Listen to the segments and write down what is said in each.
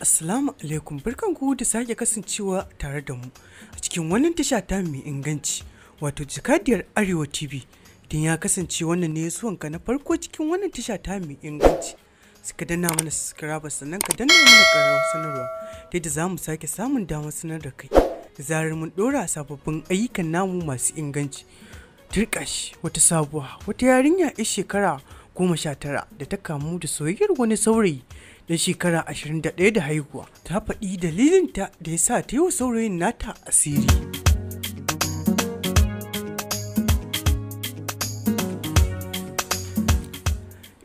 Assalamu alaikum barkanku da sake kasancewa tare da mu a cikin wannan tasha ta mai inganci wato jikadiyar Arewa TV Din ya kasance wannan ne ka na farko cikin wannan tasha ta mai inganci suka danna mana subscribe sannan ka danna mana karo sanarwa ta yadda za mu sake samun damar sanar da kai da zarar mun dora sababbin ayyukan namu masu inganci turkash wata sabuwa wata yarinya a shekara goma sha tara da ta kamu da soyayyar wani saurayi da shekara 21 da haihuwa ta faɗi dalilinta da ya sa ta yi wa saurayin nata asiri.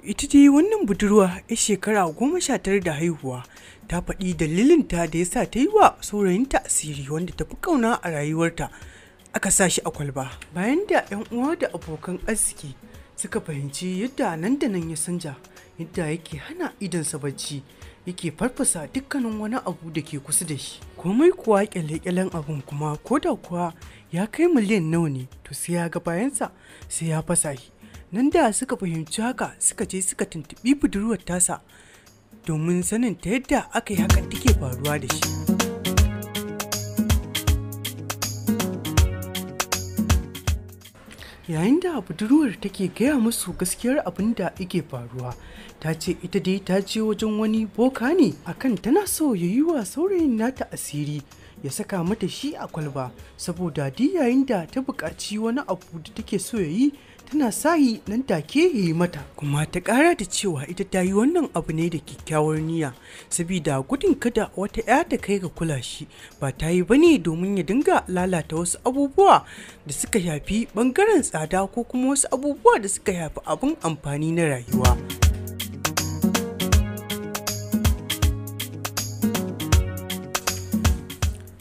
ita dai wannan budurwa ya shekara goma sha tara da haihuwa ta faɗi dalilinta da ya sa ta yi wa saurayinta asiri wanda ta fi ƙauna a rayuwarta aka sa shi a kwalba bayan da 'yan uwa da abokan arziki suka fahimci yadda nan da nan ya sanja yadda yake hana idansa bacci yake farfasa dukkanin wani abu da ke kusa da shi komai kuwa kyale-kyalen abun kuma ko da kuwa ya kai miliyan nawa ne to sai ya ga bayansa sai ya fasa shi nan da suka fahimci haka suka je suka tuntuɓi budurwar tasa domin sanin ta yadda aka yi haka take faruwa da shi yayin da budurwar take gaya musu gaskiyar abin da yake faruwa ta ce ita dai ta je wajen wani boka ne akan tana so ya yi wa saurayin nata asiri ya saka mata shi a kwalba saboda duk yayin da ta buƙaci wani abu da take so ya yi tana sahi nan take yi mata kuma ta kara da cewa ita ta yi wannan abu ne da kyakkyawar niyya saboda gudun kada wata ya ta kai ga kula shi ba ta yi bane domin ya dinga lalata wasu abubuwa da suka shafi bangaren tsada ko kuma wasu abubuwa da suka shafi abin amfani na rayuwa.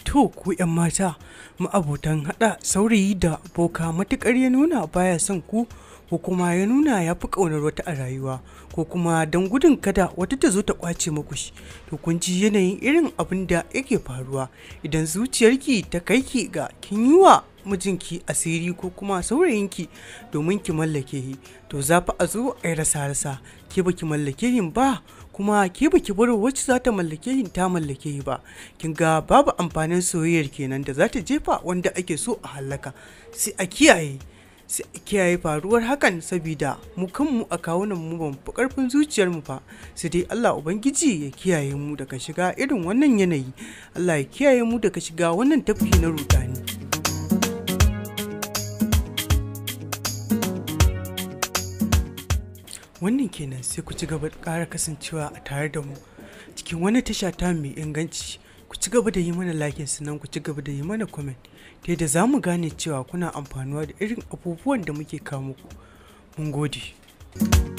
to ku 'yan mata ma'abotan haɗa saurayi da boka matukar ya nuna baya son ku ko kuma ya nuna ya fi ƙaunar wata a rayuwa ko kuma don gudun kada wata ta zo ta kwace muku shi to kun ji yanayin irin abin da yake faruwa idan zuciyarki ta kai ki ga kin yi wa mijinki asiri ko kuma saurayinki domin ki mallake shi to za fa a zo a rasa rasa ke baki mallake shi ba kuma ke ki bar wacce za ta mallake shi ta mallake shi ba kin ga babu amfanin soyayyar kenan da za ta jefa wanda ake so a halaka sai a kiyaye sai a kiyaye faruwar hakan sabida mu kanmu a kawunan mu ban fi karfin zuciyar mu fa sai dai Allah ubangiji ya kiyaye mu daga shiga irin wannan yanayi Allah ya kiyaye mu daga shiga wannan tafki na rudani wannan kenan sai ku ci gaba kara kasancewa a tare da mu cikin wani tasha ta mai inganci ku ci gaba da yi mana lakin sannan ku ci gaba da yi mana comment ta yadda za mu gane cewa kuna amfanuwa da irin abubuwan da muke kawo muku mun gode